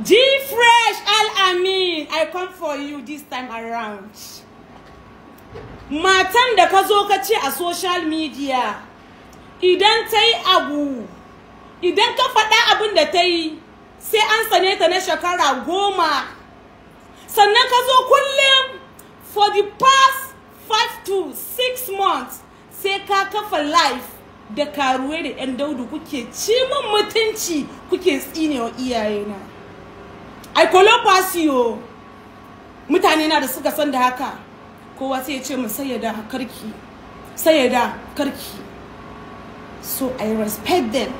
G Fresh Al Amin, I come for you this time around. Matan da ka zo ka ce a social media, idan ta yi abu, idan ka faɗa abin da ta yi, sai an sane ta na shekara goma. Sannan ka zo kullum for the past five to six months sai ka kafa life da karuwe da 'yan daudu kuke cimin mutunci kuke tsinewa iyayena. I pass Mutane na da suka san da haka. Kowa sai ya ce mu sayyada karki. Sayyada karki. So I respect them.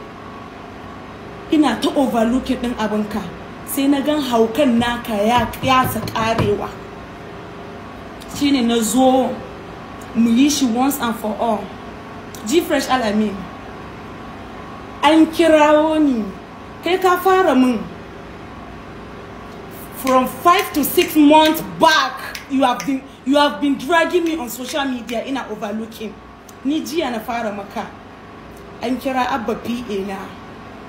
Ina ta overlook din abinka. Sai na gan haukan naka ya kiyasa karewa. Shine na zo mu yi shi once and for all. G fresh alamin. An kirawo ni. Kai ka fara mun from five to six months back you have been you have been dragging me on social media ina overlooking ni jiya na fara maka an kira abba pa na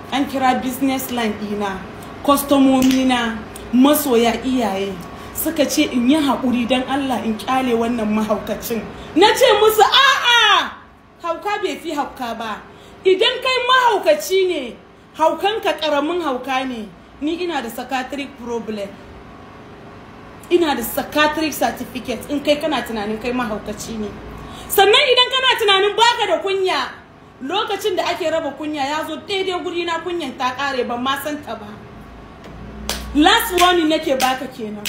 an kira business line ina kwastomomi na masoya iyaye suka ce in yi haƙuri don allah in kyale wannan mahaukacin na ce musu a'a hauka bai fi hauka ba idan kai mahaukaci ne haukanka ƙaramin hauka ne ni ina da psychiatric problem ina da psychiatric certificate in kai kana tunanin kai mahaukaci ne sannan idan kana tunanin baka da kunya lokacin da ake raba kunya ya zo daidai guri na kunyan ta kare ban ma san ta ba last warning nake baka kenan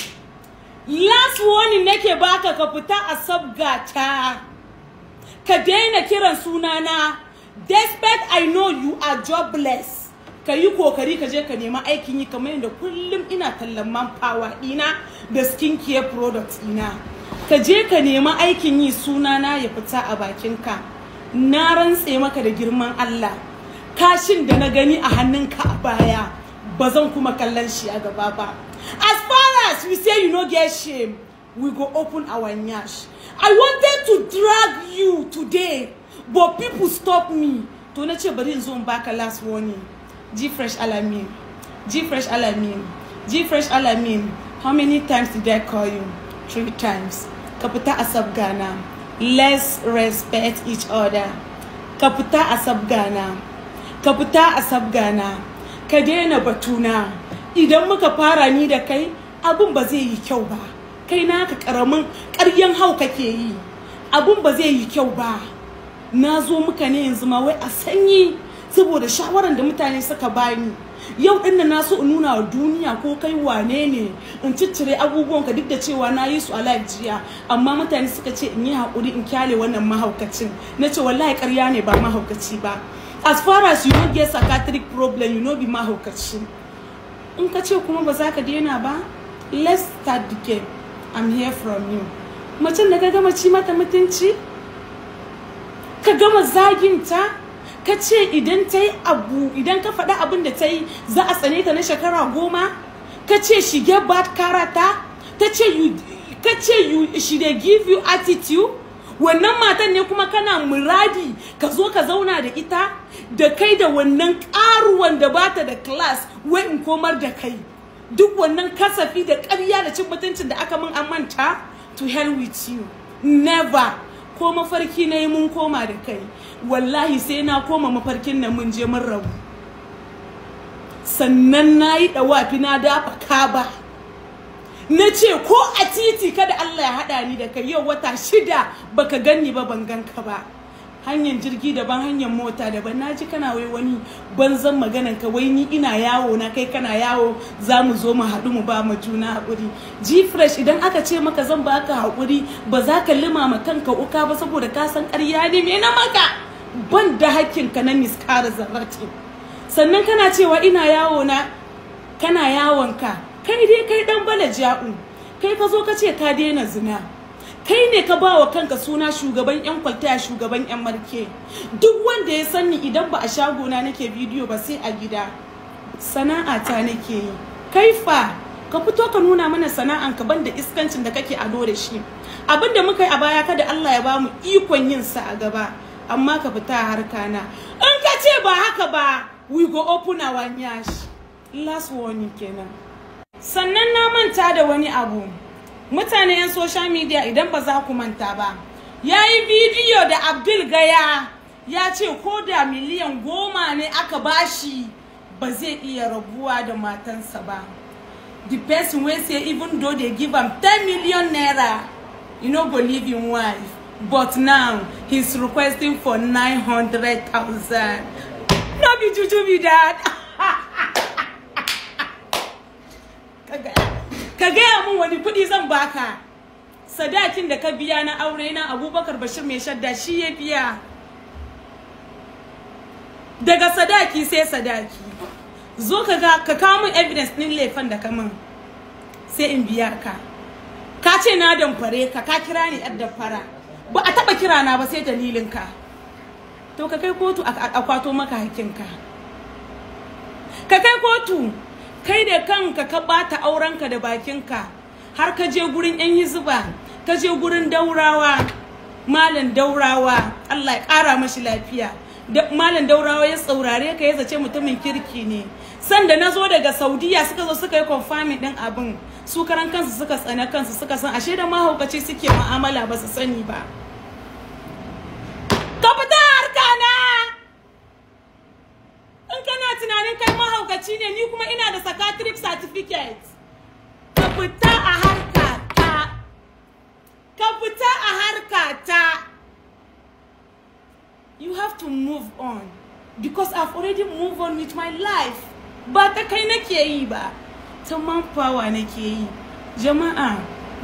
last warning nake baka ka fita a sabgata ka daina kiran sunana despite i know you are jobless ka yi kokari ka je ka nema aikin yi kamar yadda kullum ina tallan man power ina da skin care product ina. ka je ka nema aikin yi sunana ya fita a bakin ka na rantse maka da girman Allah kashin da na gani a hannunka a baya ba zan kuma kallon shi a gaba ba as far as we say you no get shame we go open our nyash. I wanted to drag you today, but people stop me. To na ce bari in zo in baka last warning. G-Fresh Alamin, G-Fresh Alamin, G-Fresh Alamin, how many times did I call you? Three times. Kaputa Asab Ghana, let's respect each other. Kaputa Asab Ghana, Kaputa Asab Ghana, ka daina batuna. Idan muka fara ni da kai, abin ba zai yi kyau ba. Kai naka karamin ƙaryan hau kake yi. Abun ba zai yi kyau ba. Na zo muka ne yanzu ma wai a sanyi. saboda shawaran da mutane suka bani yau din na so in nuna wa duniya ko kai wane ne in ciccire abubuwan ka duk da cewa na yi su a live jiya amma mutane suka ce in yi hakuri in kyale wannan mahaukacin na ce wallahi ƙarya ne ba mahaukaci ba as far as you no get psychiatric problem you know be mahaukaci in ka ce kuma ba za ka daina ba let's start the game i'm here from you macen da ka gama ci mata mutunci ka gama zaginta ka ce idan ta abu idan ka faɗi abin da ta yi za a tsane ta na shekara goma ka ce shige bad karata ta ce ka ce she dey give you attitude wannan matan ne kuma kana muradi ka zo ka zauna da ita da kai da wannan karuwan da bata da class wai in komar da kai duk wannan kasafi da ƙarya da cin mutuncin da aka min an manta to hell with you never ko mafarki na yi mun koma da kai wallahi sai na koma mafarkin na mun je mun rabu sannan na yi dawafi na dafa kaba na ce ko a titi kada Allah ya haɗa ni da kai yau wata shida baka ganni ba ban ganka ba hanyar jirgi daban hanyar mota daban na ji kana wai wani banzan maganan ka wai ni ina yawo na kai kana yawo za mu zo mu haɗu mu ba mu juna haƙuri ji fresh idan aka ce maka zan ba ka haƙuri ba za ka limama kanka uka ba saboda ka san ƙarya ne me na maka ban da ka na miskara zarrati sannan kana cewa ina yawo na kana ka kai dai kai dan bala ja'u kai fa zo ka ce ka daina zina kai ne ka ba wa kanka suna shugaban yan kwaltaya shugaban yan marke duk wanda ya sanni idan ba a shagona nake bidiyo ba sai a gida sana'a ta nake yi kaifa ka fito ka nuna mana sana'an ka banda iskancin da kake ado da shi abin da muka yi a baya kada Allah ya bamu ikon yin sa a gaba amma ka fita harka na in ka ce ba haka ba we go open our nyash last warning kenan sannan na manta da wani abu mutane yan social media idan ba za ku manta ba ya yi bidiyo da abdul gaya ya ce ko da miliyan goma ne aka bashi ba zai iya rabuwa da matansa ba the person wey say even though they give am 10 million naira you no go leave him wife but now he's requesting for 900,000 no be juju be that wani kuɗi zan baka sadakin da ka biya na aure na abubakar bashir mai shadda shi ya biya daga sadaki sai sadaki zo ka ga ka kawo min evidence ɗin laifin da kamun sai in biya ka ka ce na damfare ka ka kira ni yar damfara ba a taɓa kira na ba sai dalilin ka to ka kai kotu a kwato maka hakinka ka kai kotu kai da kanka ka bata aurenka da bakinka har ka je gurin yan hizba ka je gurin daurawa malam daurawa Allah ya ƙara mashi lafiya malam daurawa ya tsaurare ka ya zace mutumin kirki ne sanda na zo daga saudiya suka zo suka yi confirming din abin su karan kansu suka tsana kansu suka san ashe da mahaukaci suke mu'amala ba su sani ba ka fita harka in kana tunanin kai mahaukaci ne ni kuma ina da psychiatric certificate ka fita a harka ta you have to move on because I've already moved on with my life ba ta kai nake yi ba ta manpower nake yi jama'a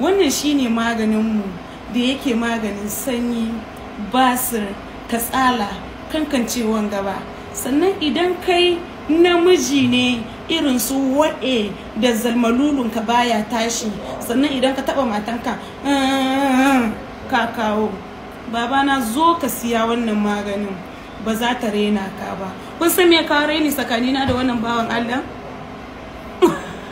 wannan shine maganin mu da yake maganin sanyi basir katsala kankancewan gaba sannan idan kai namiji ne irin su wa'e da zalmalulun ka baya tashi sannan idan ka taba matanka ah, ka kawo babana zo ka siya wannan maganin ba za ta rena ka ba kun san me ka reni tsakanina da wannan bawan Allah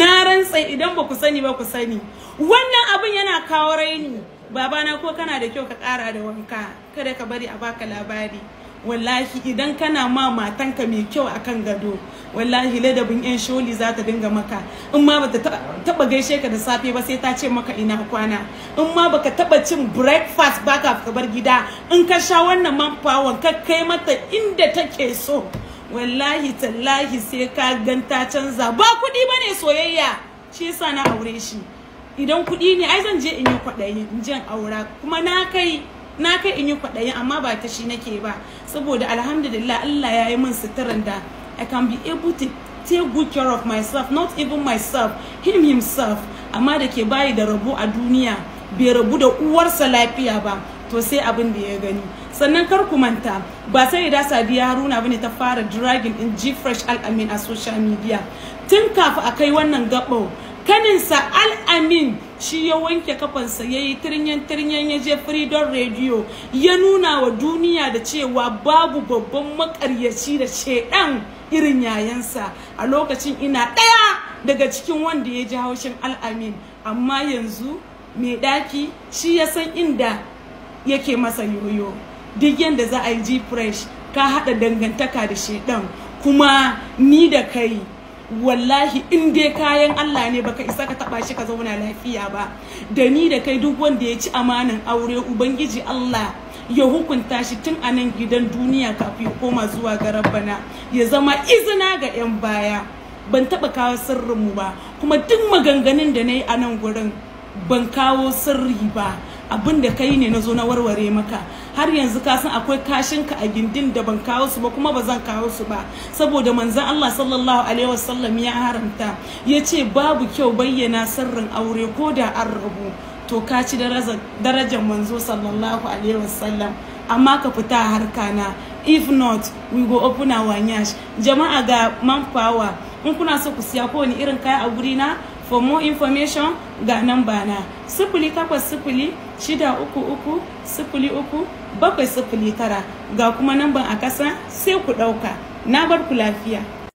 na rantsa idan ba ku sani ba ku sani wannan abin yana kawo raini babana ko kana da kyau ka kara da wanka kada ka bari a baka labari wallahi idan kana ma matanka mai kyau akan gado wallahi ladabin yan sholi za ta dinga maka in ma bata taba gaishe ka da safe ba sai ta ce maka ina kwana in ma baka taba cin breakfast ba ka bar gida in ka sha wannan man pawon ka kai mata inda take so wallahi tallahi sai ka gan ta canza ba kuɗi bane soyayya shi yasa na aure shi idan kuɗi ne ai zan je in yi kwaɗayi in je aura kuma na kai na kai in yi kwaɗayin amma ba ta shi nake ba saboda alhamdulillah Allah ya yi min suturan da I can be able to take good care of myself not even myself him himself amma da ke bayi da rabo a duniya bai rabu da uwarsa lafiya ba to sai abin da ya gani sannan kar ku manta ba sai da sabiya haruna bane ta fara dragging in g fresh al'amin a social media tun kafin a kai wannan gabo kaninsa al'amin shi ya wanke kafansa ya yi tiryan tiryan ya je freedom radio ya nuna wa duniya da cewa babu babban makaryaci da shedan irin yayansa a lokacin ina ɗaya daga cikin wanda ya ji haushin al'amin amma yanzu mai ɗaki shi ya san inda yake masa yoyo duk yadda za a yi ji fresh ka haɗa dangantaka da shedan kuma ni da kai wallahi in dai kayan Allah ne baka isa ka taba shi ka zauna lafiya ba da ni da kai duk wanda ya ci amanan aure ubangiji Allah ya hukunta shi tun a nan gidan duniya kafin ya koma zuwa ga rabbana ya zama izina ga 'yan baya ban taɓa kawo sirrin mu ba kuma duk maganganun da na yi a nan gurin ban kawo sirri ba abin da kai ne na zo na warware maka har yanzu ka san akwai ka a gindin da ban kawo su ba kuma ba zan kawo su ba saboda manzon Allah sallallahu alaihi wasallam ya haramta ya ce babu kyau bayyana sirrin aure ko da an rabu to ka ci darajar manzo sallallahu alaihi wasallam amma ka fita harka na if not we go open our nyash jama'a ga manpower in kuna so ku siya kowane irin kaya a guri na for more information ga nan bana sifili takwas sifili shida uku uku sifili uku bakwai sifili tara ga kuma namban a ƙasa sai ku ɗauka na bar ku lafiya